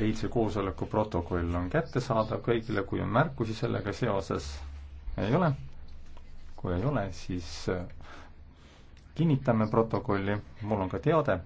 eilse koosoleku protokoll on kättesaadav kõigile, kui on märkusi sellega seoses, ei ole. kui ei ole, siis äh, kinnitame protokolli, mul on ka teade